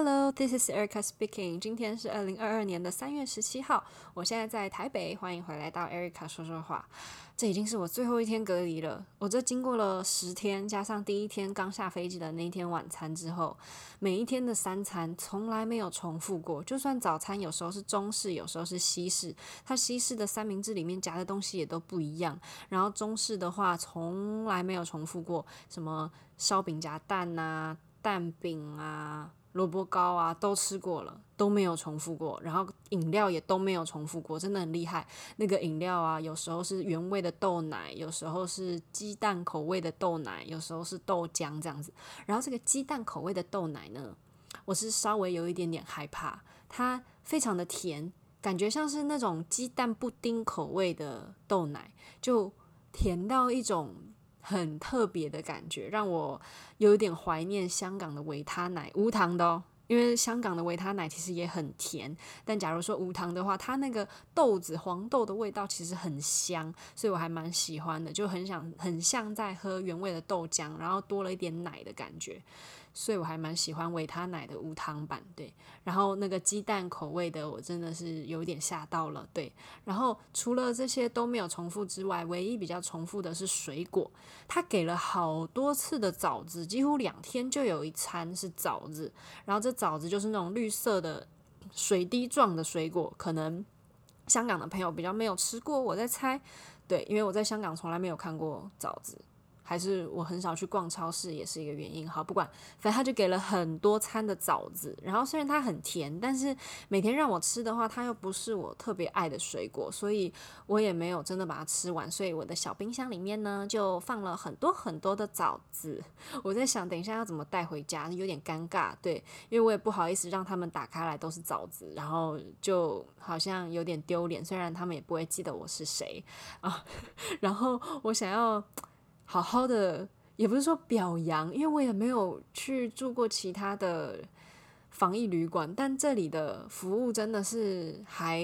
Hello, this is Erica speaking. 今天是二零二二年的三月十七號，我現在在台北，歡迎回來到 Erica 說說話。這已經是我最後一天隔離了，我這經過了十天，加上第一天剛下飛機的那一天晚餐之後，每一天的三餐從來沒有重複過。就算早餐有時候是中式，有時候是西式，它西式的三明治裡面夾的東西也都不一樣。然後中式的話，從來沒有重複過，什麼燒餅夾蛋啊、蛋餅啊。蘿蔔糕啊，都吃過了，都沒有重複過，然後飲料也都沒有重複過，真的很厲害。那個飲料啊，有時候是原味的豆奶，有時候是雞蛋口味的豆奶，有時候是豆漿這樣子。然後這個雞蛋口味的豆奶呢，我是稍微有一點點害怕，它非常的甜，感覺像是那種雞蛋布丁口味的豆奶，就甜到一種。很特別的感覺，讓我有一點懷念香港的維他奶，無糖的哦，因為香港的維他奶其實也很甜，但假如說無糖的話，它那個豆子，黃豆的味道其實很香，所以我還蠻喜歡的，就很想，很像在喝原味的豆漿，然後多了一點奶的感覺。所以我還蠻喜歡維他奶的無糖版，對。然後那個雞蛋口味的，我真的是有點嚇到了，對。然後除了這些都沒有重複之外，唯一比較重複的是水果，他給了好多次的棗子，幾乎兩天就有一餐是棗子。然後這棗子就是那種綠色的水滴狀的水果，可能香港的朋友比較沒有吃過，我在猜，對，因為我在香港從來沒有看過棗子。還是我很少去逛超市，也是一個原因。好，不管，反正他就給了很多餐的棗子。然後雖然它很甜，但是每天讓我吃的話，它又不是我特別愛的水果，所以我也沒有真的把它吃完。所以我的小冰箱裡面呢，就放了很多很多的棗子。我在想，等一下要怎麼帶回家，有點尷尬。對，因為我也不好意思讓他們打開來都是棗子，然後就好像有點丟臉。雖然他們也不會記得我是誰啊。然後我想要。好好的，也不是說表揚，因為我也沒有去住過其他的防疫旅館，但這裡的服務真的是還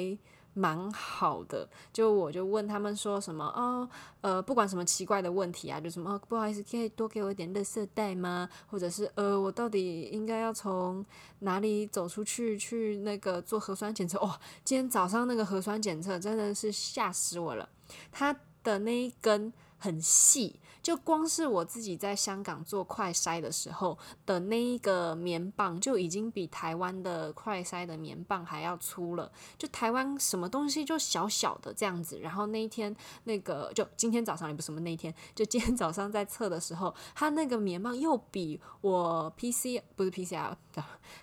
蠻好的。就我就問他們說什麼，哦，呃，不管什麼奇怪的問題啊，就什麼、哦、不好意思，可以多給我一點垃圾袋嗎？或者是呃，我到底應該要從哪裡走出去去那個做核酸檢測？哇、哦，今天早上那個核酸檢測真的是嚇死我了，它的那一根很細。就光是我自己在香港做快篩的時候的那一個棉棒，就已經比台灣的快篩的棉棒還要粗了。就台灣什麼東西就小小的這樣子。然後那一天，那個就今天早上也不是什麼那一天，就今天早上在測的時候，他那個棉棒又比我 p c 不是 PCR，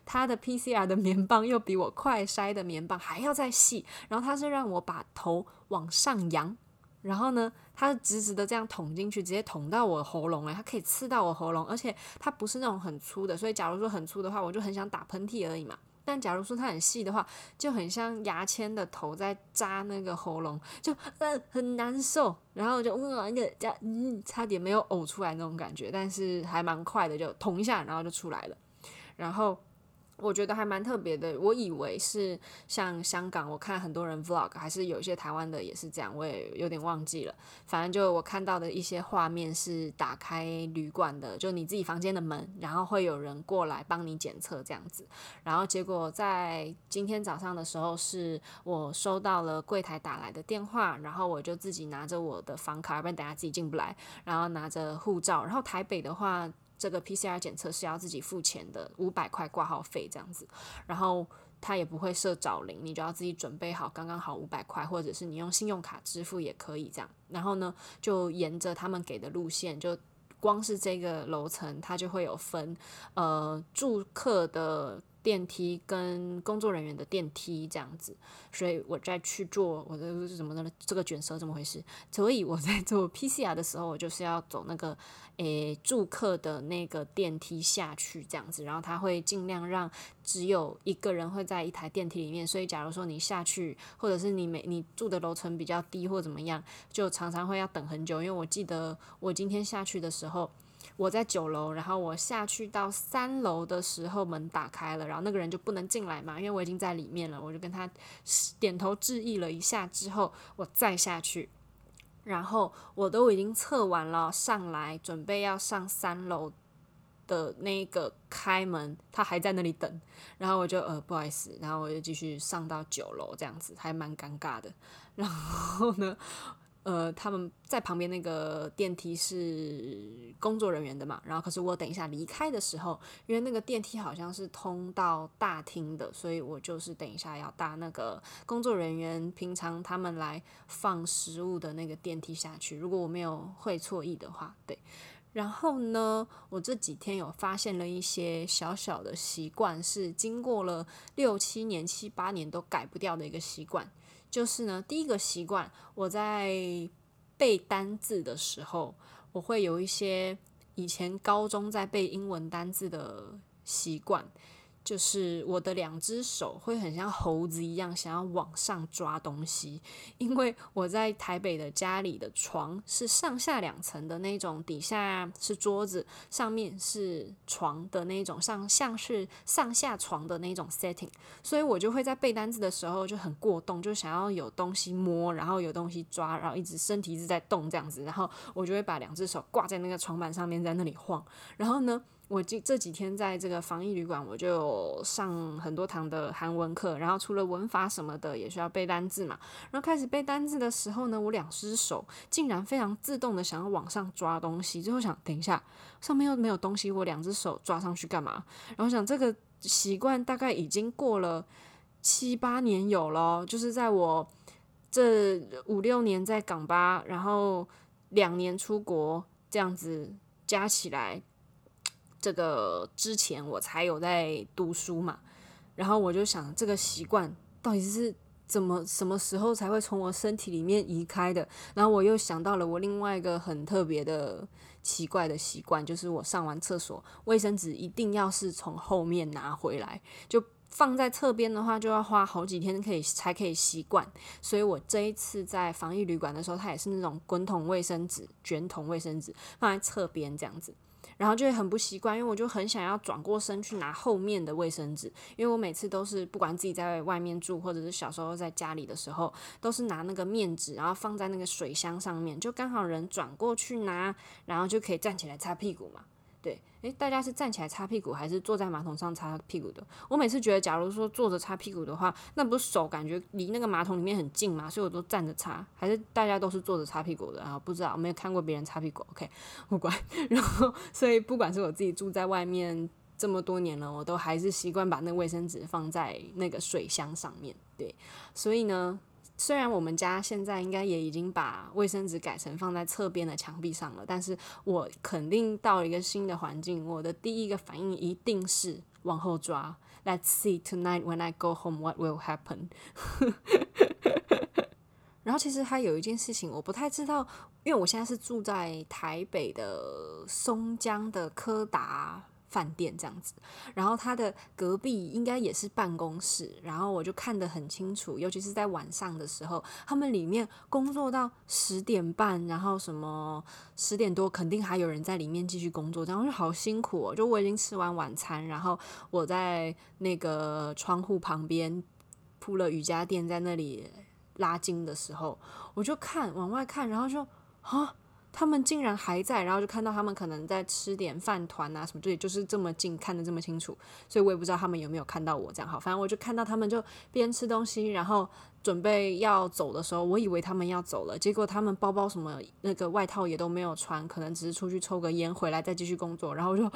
他的 PCR 的棉棒又比我快篩的棉棒還要再細。然後他是讓我把頭往上揚。然後呢，它是直直的這樣捅進去，直接捅到我喉嚨哎，它可以刺到我喉嚨，而且它不是那種很粗的，所以假如說很粗的話，我就很想打噴嚏而已嘛。但假如說它很細的話，就很像牙籤的頭在扎那個喉嚨，就，嗯，很難受，然後就，嗯，那個，夾，嗯，差點沒有嘔出來那種感覺，但是還蠻快的，就捅一下，然後就出來了，然後。我覺得還蠻特別的，我以為是像香港，我看很多人 Vlog，還是有一些台灣的也是這樣，我也有點忘記了。反正就我看到的一些畫面是打開旅館的，就你自己房間的門，然後會有人過來幫你檢測這樣子。然後結果在今天早上的時候，是我收到了櫃台打來的電話，然後我就自己拿着我的房卡，不然等下自己進不來，然後拿着護照，然後台北的話，這個 PCR 檢測是要自己付錢的，五百塊掛號費這樣子，然後他也不會設找零，你就要自己準備好剛剛好五百塊，或者是你用信用卡支付也可以這樣。然後呢，就沿着他們給的路線，就光是這個樓層，他就會有分呃住客的。電梯跟工作人員的電梯這樣子，所以我再去坐我的是怎麼的這個捲舌怎麼回事？所以我在做 PCR 的時候，我就是要走那個誒住客的那個電梯下去這樣子，然後他會盡量讓只有一個人會在一台電梯裡面。所以假如說你下去，或者是你每，你住的樓層比較低或怎麼樣，就常常會要等很久。因為我記得我今天下去的時候，我在九樓，然後我下去到三樓的時候，門打開了，然後那個人就不能進來嘛，因為我已經在裡面了。我就跟他點頭致意了一下之後，我再下去，然後我都已經測完了，上來準備要上三樓的那個開門，他還在那裡等，然後我就呃，不好意思，然後我就繼續上到九樓，這樣子還蠻尷尬的。然後呢？呃，他們在旁邊那個電梯是工作人員的嘛？然後可是我等一下離開的時候，因為那個電梯好像是通到大廳的，所以我就是等一下要搭那個工作人員平常他們來放食物的那個電梯下去。如果我沒有會錯意的話，對。然後呢，我這幾天有發現了一些小小的習慣，是經過了六七年、七八年都改不掉的一個習慣。就是呢，第一個習慣，我在背單字的時候，我會有一些以前高中在背英文單字的習慣。就是我的兩隻手會很像猴子一樣，想要往上抓東西，因為我在台北的家裡的床是上下兩層的那種，底下是桌子，上面是床的那種，上像是上下床的那種 setting，所以我就會在背單字的時候就很過動，就想要有東西摸，然後有東西抓，然後一直身體一直在動這樣子，然後我就會把兩隻手掛在那個床板上面，在那裡晃。然後呢，我這這幾天在這個防疫旅館，我就。我上很多堂的韓文課，然後除了文法什麼的，也需要背單字嘛。然後開始背單字的時候呢，我兩只手竟然非常自動的想要往上抓東西，最後想等一下上面又沒有東西，我兩只手抓上去幹嘛？然後想這個習慣大概已經過了七八年有咯，就是在我這五六年在港巴，然後兩年出國這樣子加起來。這個之前我才有在讀書嘛，然後我就想這個習慣到底是怎麼什麼時候才會從我身體裡面移開的？然後我又想到了我另外一個很特別的奇怪的習慣，就是我上完廁所衛生紙一定要是從後面拿回來，就放在側邊的話，就要花好幾天可以才可以習慣。所以我這一次在防疫旅館的時候，它也是那種滾筒衛生紙、卷筒衛生紙放在側邊這樣子。然後就會很不習慣，因為我就很想要轉過身去拿後面的衛生紙，因為我每次都是不管自己在外面住，或者是小時候在家裡的時候，都是拿那個面紙，然後放在那個水箱上面，就剛好人轉過去拿，然後就可以站起來擦屁股嘛。對，誒，大家是站起來擦屁股，還是坐在馬桶上擦屁股的？我每次覺得，假如說坐着擦屁股的話，那不是手感覺離那個馬桶裡面很近嘛。所以我都站着擦，還是大家都是坐着擦屁股的啊？不知道，我沒有看過別人擦屁股。OK，不管。然後，所以不管是我自己住在外面這麼多年了，我都還是習慣把那個衛生紙放在那個水箱上面。對，所以呢。雖然我們家現在應該也已經把衛生紙改成放在側邊的牆壁上了，但是我肯定到了一個新的環境，我的第一個反應一定是往後抓。Let's see tonight when I go home, what will happen？然後其實還有一件事情我不太知道，因為我現在是住在台北的松江的柯達，飯店這樣子，然後他的隔壁應該也是辦公室，然後我就看得很清楚，尤其是在晚上的時候，他們裡面工作到十點半，然後什麼十點多，肯定還有人在裡面繼續工作，然後就好辛苦哦。就我已經吃完晚餐，然後我在那個窗戶旁邊鋪了瑜伽墊，在那裡拉筋的時候，我就看往外看，然後就啊。他們竟然還在，然後就看到他們可能在吃點飯糰啊什麼，對，就是這麼近，看得這麼清楚，所以我也不知道他們有沒有看到我這樣好，反正我就看到他們就邊吃東西，然後準備要走的時候，我以為他們要走了，結果他們包包什麼那個外套也都沒有穿，可能只是出去抽個菸，回來再繼續工作，然後我就。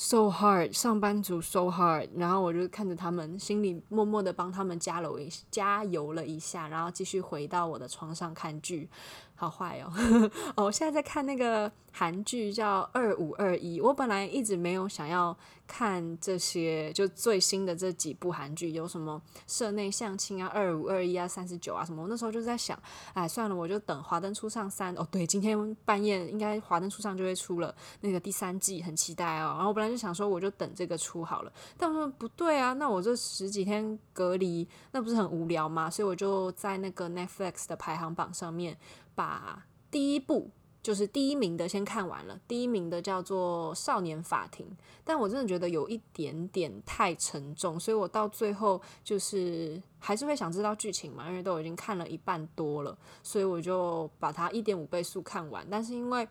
so hard，上班族 so hard，然後我就看着他們，心裡默默的幫他們加了，加油了一下，然後繼續回到我的床上看劇，好壞哦， 哦，我現在在看那個韓劇叫《二五二一》，我本來一直沒有想要。看這些就最新的這幾部韓劇有什麼《社內相親》啊，《二五二一》啊，《三十九》啊什麼？我那時候就在想，哎，算了，我就等《華燈初上》三。哦，對，今天半夜應該《華燈初上》就會出了那個第三季，很期待哦。然後我本來就想說，我就等這個出好了。但我說不對啊，那我這十幾天隔離，那不是很無聊嗎？所以我就在那個 Netflix 的排行榜上面把第一部。就是第一名的先看完了，第一名的叫做《少年法庭》，但我真的覺得有一點點太沉重，所以我到最後就是還是會想知道劇情嘛，因為都已經看了一半多了，所以我就把它一點五倍速看完。但是因為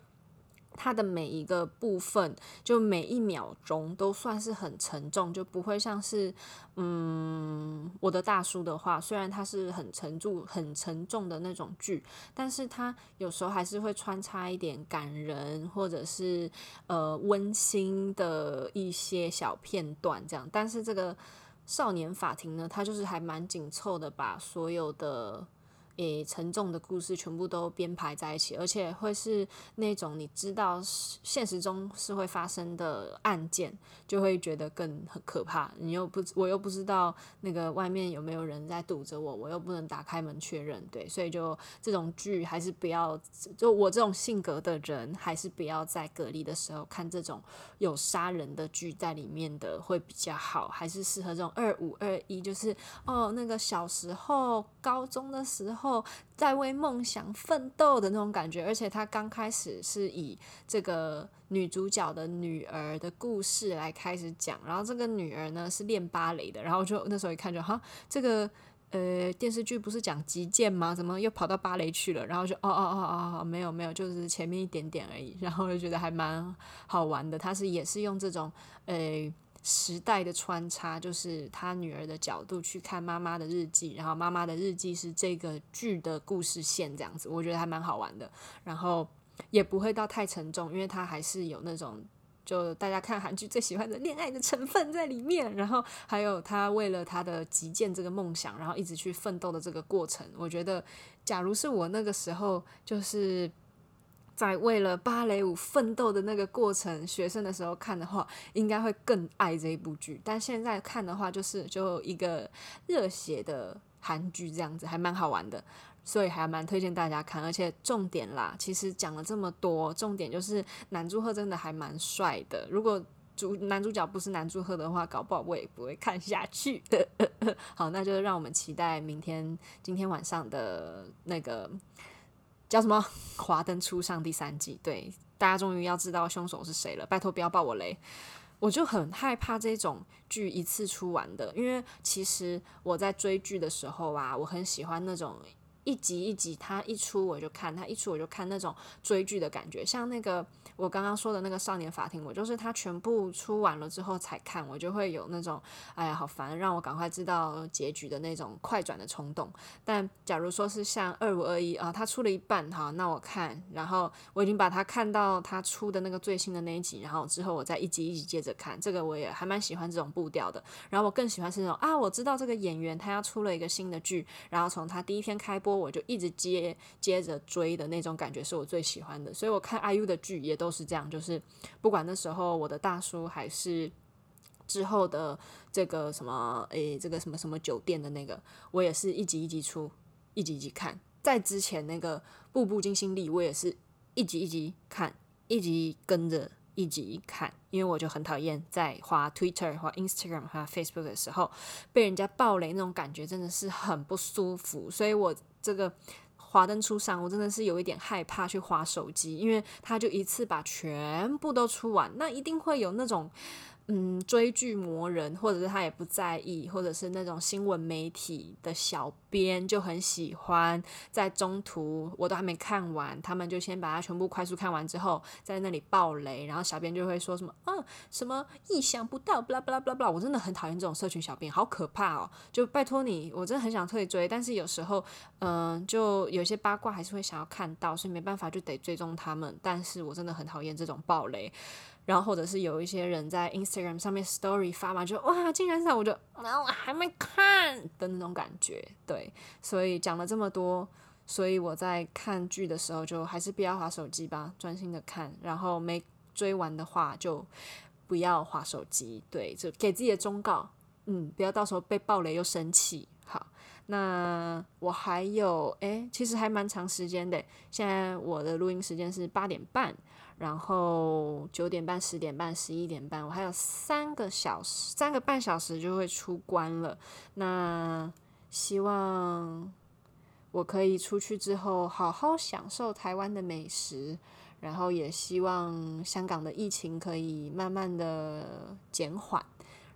它的每一個部分，就每一秒鐘都算是很沉重，就不會像是，嗯，我的大叔的話，雖然它是很沉重、很沉重的那種劇，但是它有時候還是會穿插一點感人或者是呃溫馨的一些小片段，這樣。但是這個少年法庭呢，它就是還蠻緊湊的，把所有的。誒，也沉重的故事全部都編排在一起，而且會是那種你知道現實中是會發生的案件，就會覺得更可怕。你又不，我又不知道那個外面有沒有人在堵着我，我又不能打開門確認，對，所以就這種劇還是不要。就我這種性格的人，還是不要在隔離的時候看這種有殺人的劇在裡面的會比較好，還是適合這種二五二一，就是哦，那個小時候高中的時候。然後在為夢想奮鬥的那種感覺，而且他剛開始是以這個女主角的女兒的故事來開始講，然後這個女兒呢是練芭蕾的，然後就那時候一看就哈，這個呃電視劇不是講擊劍嗎？怎麼又跑到芭蕾去了？然後就哦哦哦哦，沒有沒有，就是前面一點點而已，然後就覺得還蠻好玩的。他是也是用這種呃。時代的穿插，就是他女兒的角度去看媽媽的日記，然後媽媽的日記是這個劇的故事線這樣子，我覺得還蠻好玩的。然後也不會到太沉重，因為他還是有那種就大家看韓劇最喜歡的戀愛的成分在裡面，然後還有他為了他的擊劍這個夢想，然後一直去奮鬥的這個過程。我覺得，假如是我那個時候，就是。在為了芭蕾舞奮鬥的那個過程，學生的時候看的話，應該會更愛這一部劇。但現在看的話，就是，就是就一個熱血的韓劇這樣子，還蠻好玩的，所以還蠻推薦大家看。而且重點啦，其實講了這麼多，重點就是南柱赫真的還蠻帥的。如果主男主角不是南柱赫的話，搞不好我也不會看下去的。好，那就讓我們期待明天今天晚上的那個。叫什麼《華燈初上》第三季，對，大家終於要知道兇手是誰了。拜托不要爆我雷，我就很害怕這種劇一次出完的，因為其實我在追劇的時候啊，我很喜歡那種一集一集，他一出我就看，他一出我就看那種追劇的感覺，像那個。我剛剛說的那個少年法庭，我就是他全部出完了之後才看，我就會有那種哎呀好煩，讓我趕快知道結局的那種快轉的衝動。但假如說是像二五二一啊，他出了一半哈，那我看，然後我已經把它看到他出的那個最新的那一集，然後之後我再一集一集接着看，這個我也還蠻喜歡這種步調的。然後我更喜歡是那種啊，我知道這個演員他要出了一個新的劇，然後從他第一天開播我就一直接接着追的那種感覺是我最喜歡的。所以我看 IU 的劇也都。都是這樣，就是不管那時候我的大叔，還是之後的這個什麼，誒、欸，這個什麼什麼酒店的那個，我也是一集一集出，一集一集看。在之前那個《步步驚心》裡，我也是一集一集看，一集跟着一集一看，因為我就很討厭在滑 Twitter、滑 Instagram、滑 Facebook 的時候被人家爆雷那種感覺，真的是很不舒服。所以我這個。華燈初上，我真的是有一點害怕去滑手機，因為他就一次把全部都出完，那一定會有那種。嗯，追劇魔人，或者是他也不在意，或者是那種新聞媒體的小編就很喜歡在中途，我都還沒看完，他們就先把它全部快速看完之後，在那裡爆雷，然後小編就會說什麼啊什麼意想不到，blah blah blah blah，我真的很討厭這種社群小編，好可怕哦！就拜托你，我真的很想退追，但是有時候嗯、呃，就有些八卦還是會想要看到，所以沒辦法就得追蹤他們，但是我真的很討厭這種爆雷。然後或者是有一些人在 Instagram 上面 Story 發嘛，就哇，竟然在，我就那我還沒看的那種感覺，對。所以講了這麼多，所以我在看劇的時候就還是不要劃手機吧，專心的看。然後沒追完的話就不要劃手機，對，就給自己的忠告，嗯，不要到時候被爆雷又生氣。好，那我還有，誒，其實還蠻長時間的，現在我的錄音時間是八點半。然後九點半、十點半、十一點半，我還有三個小時、三個半小時就會出關了。那希望我可以出去之後好好享受台灣的美食，然後也希望香港的疫情可以慢慢的減緩，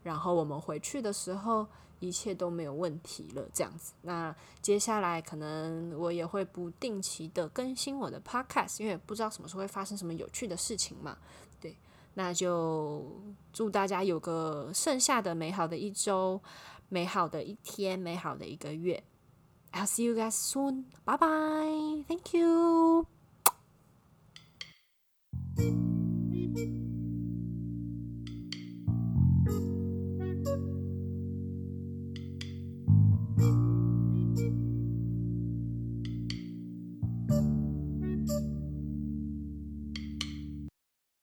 然後我們回去的時候。一切都沒有問題了，這樣子。那接下來可能我也會不定期的更新我的 podcast，因為不知道什麼時候會發生什麼有趣的事情嘛。對，那就祝大家有個剩下的美好的一週、美好的一天、美好的一個月。I'll see you guys soon. Bye bye. Thank you.